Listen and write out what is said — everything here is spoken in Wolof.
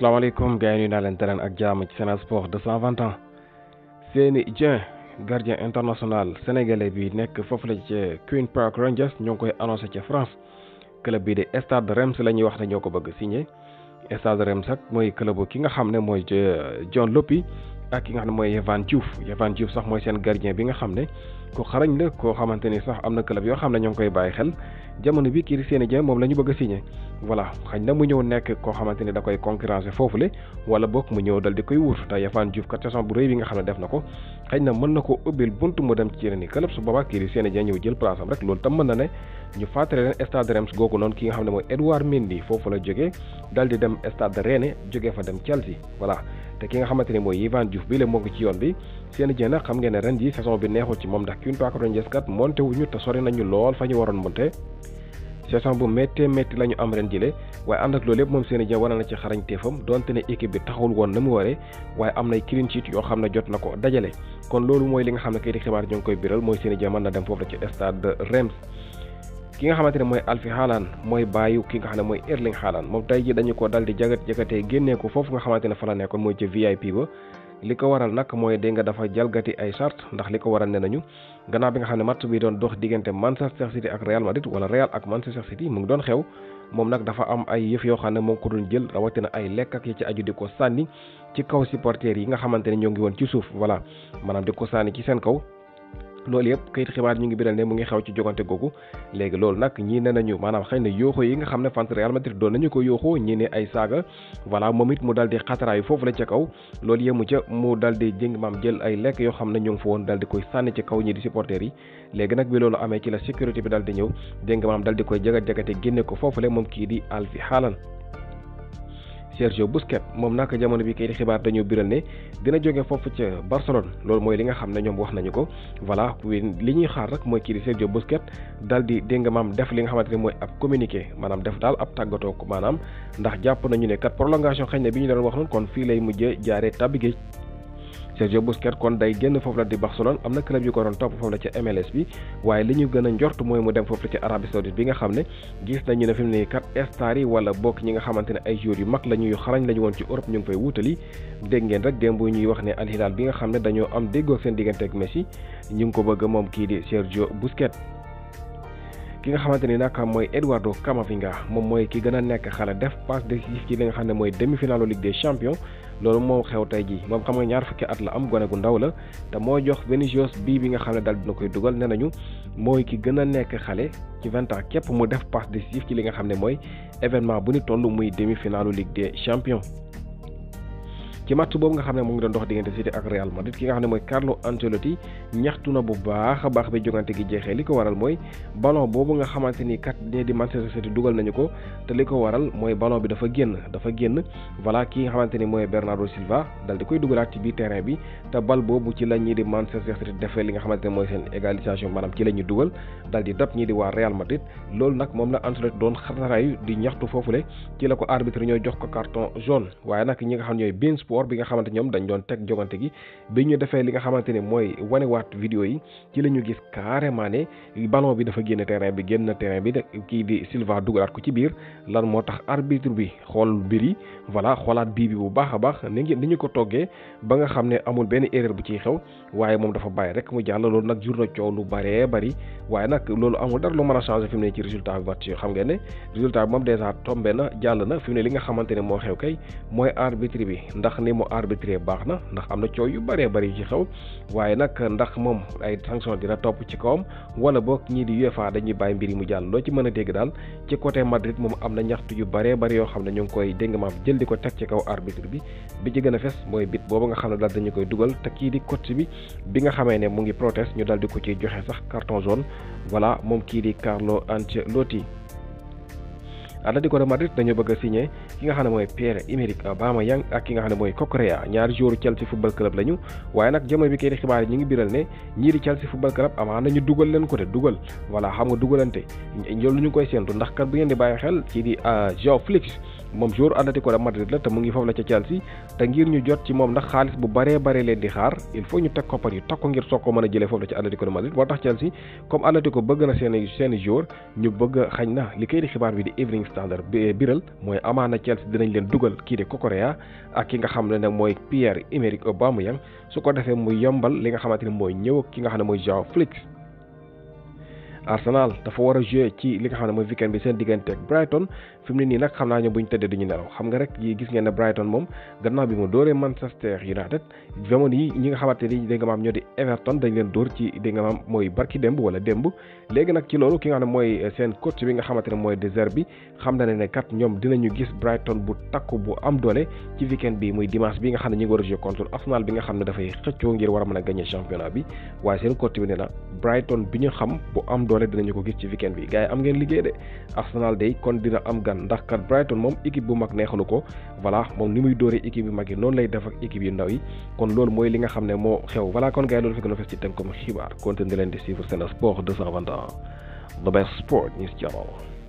salaamaaleykum gars yi nuyu naa leen daleen ak jàmm ci Sen Sport 220 ans Seny Dieng gardien international sénégalais bi nekk foofu la ci Queen Park Rangers ñoo ngi koy annoncé ci France club bii de Stade Reims la ñuy wax ne ñoo ko bëgg signé Stade Reims ak mooy club ki nga xam ne mooy euh, John Lopy ak ki nga xam ne mooy Yehvan Diouf Yehvan Diouf sax mooy seen gardien bi nga xam ne ku xarañ la koo xamante ni sax am na club yoo xam ne ñoo ngi koy bàyyi xel jamono bi Krépin Diatta moom lañu bëgg a signé voilà na mu ñëw nekk koo xamante ni da koy foofu foofule wala boog mu ñëw dal di koy wut ndax Yehfane Diouf kat saison bu rëy bi nga xam ne def na ko xañ na mën na ko ubbil bunt mu dem ci yeneen i club su boobaa Krépin Diatta ñëw jël place rek loolu tam mën na ne ñu fàttali leen Stade Reims googu noonu ki nga xam ne mooy Edouard Mendy foofu la jógee dal di dem Stade Rennes jógee fa dem Chelsea voilà te ki nga xamante ni mooy Yehfane Diouf bi la moo ci yoon bi Seny Dieng na xam ngeen ne ren ji saison bi neexul ci moom ndax Kunta Ak Rangers kat monté wuñu te sori nañu lool fa ñu waroon monté saison bu méttee métti la ñu am ren jile waaye ànd ak loolu yëpp moom Seny Dieng wane na ci xarañteefam donte ne équipe bi taxawul woon na mu waree waaye am nay clean sheet yoo xam ne jot na ko dajale kon loolu mooy li nga xam ne kayit xibaar ñu ngi koy biral mooy Seny Dieng mën na dem foofu la ci stade de Reims ki nga xamante ne mooy Alfi Haaland mooy bàyyi ki nga xam ne mooy Erling Haaland tey ji dañu ko dal di jagat jagatee génnee ko foofu xamante ne fa la nekkoon mooy ci li ko waral nag mooy dégg nga dafa jalgati ay chart ndax li ko waral ne nañu gannaaw bi nga xam ne match bi doon dox diggante Manchester City ak Real Madrid wala Real ak Manchester City mu ngi doon xew moom nag dafa am ay yëf yoo xam ne moo ko doon jël rawatina ay lekk ak yi ci aju di ko sànni ci kaw supporters yi nga xamante ne ñoo ngi woon ci suuf voilà maanaam di ko sànni ci seen kaw. loolu yëpp kayit xibaar ñu ngi biral ne mu ngi xew ci jogante googu léegi loolu nag ñii ne nañu maanaam xëy na yooxu yi nga xam ne fans Real Madrid doon nañu ko yooxu ñi ne ay saaga voilà moom it mu dal di xataraayu foofu la ca kaw loolu yemu ca mu dal di jéng maam jël ay lekk yoo xam ne ñu ngi fa woon dal di koy sànni ci kaw ñi di supporters yi léegi nag bi loolu amee ci la sécurité bi dal di ñëw jéng maam dal di koy jagat-jagate génne ko foofule moom kii di Alfi Haaland Sergio Busquets moom naka jamono bi kay di xibaar dañoo biral ne dina jóge foofu ca Barcelone loolu mooy li nga xam ne ñoom wax nañu ko voilà li ñuy xaar rek mooy kii di Sergio Busquets daal di dégg def li nga xamante ne mooy ab communiqué maanaam def daal ab tàggatoo maanaam ndax jàpp nañu ne kat prolongation xëy na bi ñu doon wax noonu kon fii lay mujjee jaaree tabbi géej Sergio Busquets kon day génn foofu la di Barcelone am na club yu ko doon topp foofu la ca MLS bi waaye li ñu gën a njort mooy mu dem foofu la ca Arabie Saoudite bi nga xam ne gis nañu ne fi mu ne kat star yi wala bokk ñi nga xamante ne ay joueurs yu mag la ñuy xarañ la woon ci Europe ñu ngi fay wuutali dégg ngeen rek démb ñuy wax ne Al Hilal bi nga xam ne dañoo am déggoo seen diggante ak Messi ñu ngi ko bëgg moom kii di Sergio Busquets ki nga xamante ni nag mooy Eduardo Camavinga moom mooy ki gën a nekk xale def passe décisif ci nga xam ne mooy demi-finalu Ligue loolu moo xew tey jii moom xam nga ñaar fukki at la am gone gu ndaw la te moo jox Vinicius bii bi nga xam ne daal dina koy dugal ne nañu mooy ki gën a nekk xale ci vingt képp mu def passe décisif ci li nga xam ne mooy événement bu ni toll muy demi finalu Ligue des Champions ci match bobu nga xamne mo ngi doon dox digënté City ak Real Madrid ki nga xamne moy Carlo Ancelotti ñaxtu na bu baax baax bi jogante gi jeexee liko waral moy ballon bobu nga xamanteni kat ñee di Manchester City duggal nañu ko té liko waral moy ballon bi dafa génn dafa génn voilà ki nga xamanteni moy Bernardo Silva dal di koy duggalat ci bi terrain bi té bal bobu ci lañ ñi di Manchester City défé li nga xamanteni moy sen égalisation manam ci la ñu dugal dal di dab ñi di wa Real Madrid lool nak mom la Ancelotti doon xataraayu di ñaxtu fofu lé ci lako arbitre ñoy jox ko carton jaune waye nak ñi nga xam ñoy beIN Sport rapport bi nga xamante ñoom dañ doon teg jogante gi bi ñu defee li nga xamante ne mooy wanewaat vidéo yi ci la ñu gis carrément ne ballon bi dafa génn terrain bi génn terrain bi kii di Silva dugalaat ko ci biir lan moo tax arbitre bi xool mbir yi voilà xoolaat bii bi bu baax a baax ni ngi ni ñu ko toggee ba nga xam ne amul benn erreur bu ciy xew waaye moom dafa bàyyi rek mu jàll loolu nag jur na coow lu bëree bëri waaye nag loolu amul dara lu mën a changer fi mu ne ci résultat bi match xam ngeen ne résultat bi moom dèjà tombé na jàll na mu ne li nga xamante ne moo xew kay mooy arbitre bi ni mu arbitré baax na ndax am na coow yu bëree bëri ci xew waaye nag ndax moom ay sanction dina topp ci kawam wala boo ñii di UEFA dañuy bàyyi mbir yi mu jàll loo ci mën a dégg daal ci côté Madrid moom am na ñaxtu yu bëree bëri yoo xam ne ñu ngi koy dégg maaf jël di ko teg ci kaw arbitre bi bi ci gën a fes mooy bit boobu nga xam ne daal dañu koy dugal te kii di coach bi bi nga xamee ne mu ngi proteste ñu daal di ko ciy joxe sax carton jaune voilà moom kii di Carlo Ancelotti Atlético de Madrid dañoo bëgg a signé ki nga xam ne mooy Pierre-Emerick Aubameyang ak ki nga xam ne mooy Cucurella ñaari joueur Chelsea football club lañu waaye nag jamono bi kay xibaar yi ñu ngi biral ne ñii di Chelsea football club amaa nañu dugal leen ko te dugal voilà xam nga dugalante loolu ñu koy séentu ndax kat bu ngeen di bàyyi xel ci di euh, João Félix moom joueur Atlético de Madrid la te mu ngi foofu la ca Chelsea te ngir ñu jot ci moom ndax xaalis bu baree baree leen di xaar il faut ñu teg koppar yu takku ngir soog ko mën a jëlee foofu la ci Atlético de Madrid moo tax Chelsea comme Atlético bëgg na seen seen ñu bëgg a xañ na li kay di xibaar bi di Evening Standard eh, biral mooy amaana Chelsea dinañ leen dugal kii di Kokorea ak ki nga xam ne nag mooy Pierre-Emerick Aubameyang su ko defee mu yombal li nga xamante ne mooy ñëw ki nga xam ne mooy João Félix Arsenal dafa war a joué ci li nga xam ne mooy weekend bi seen diggante ak Brighton fi mu ne nii nag xam naa ñoom bu ñu tëddee duñu nelaw xam nga rek yi gis ngeen ne Brighton moom gannaaw bi mu dooree Manchester United jamono yi ñi nga xamante ni dégg maam ñoo di Everton dañ leen dóor ci dégg maam mooy barki démb wala démb léegi nag ci loolu ki nga xam ne mooy seen coach bi nga xamante ne mooy désert bi nga xam ne ñu ngi war a jouer contre Arsenal bi nga xam ne dafay xëccoo ngir war a mën a gagner championnat bi waaye seen coach bi nee ndax kat Brighton moom équipe bu mag neexalu ko voilà moom ni muy dóoree équipe yu mag yi noonu lay def ak équipe yu ndaw yi kon loolu mooy li nga xam ne moo xew voilà kon gars yi loolu fekk na fes ci tënk comme xibaar continué leen di suivre Sen Sport the best sport news channel